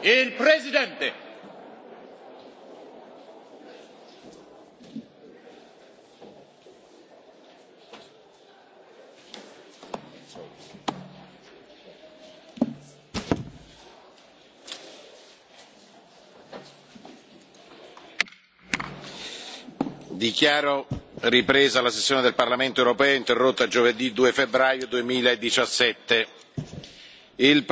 Il presidente. Dichiaro ripresa la sessione del Parlamento europeo interrotta giovedì due febbraio duemiladiciassette Il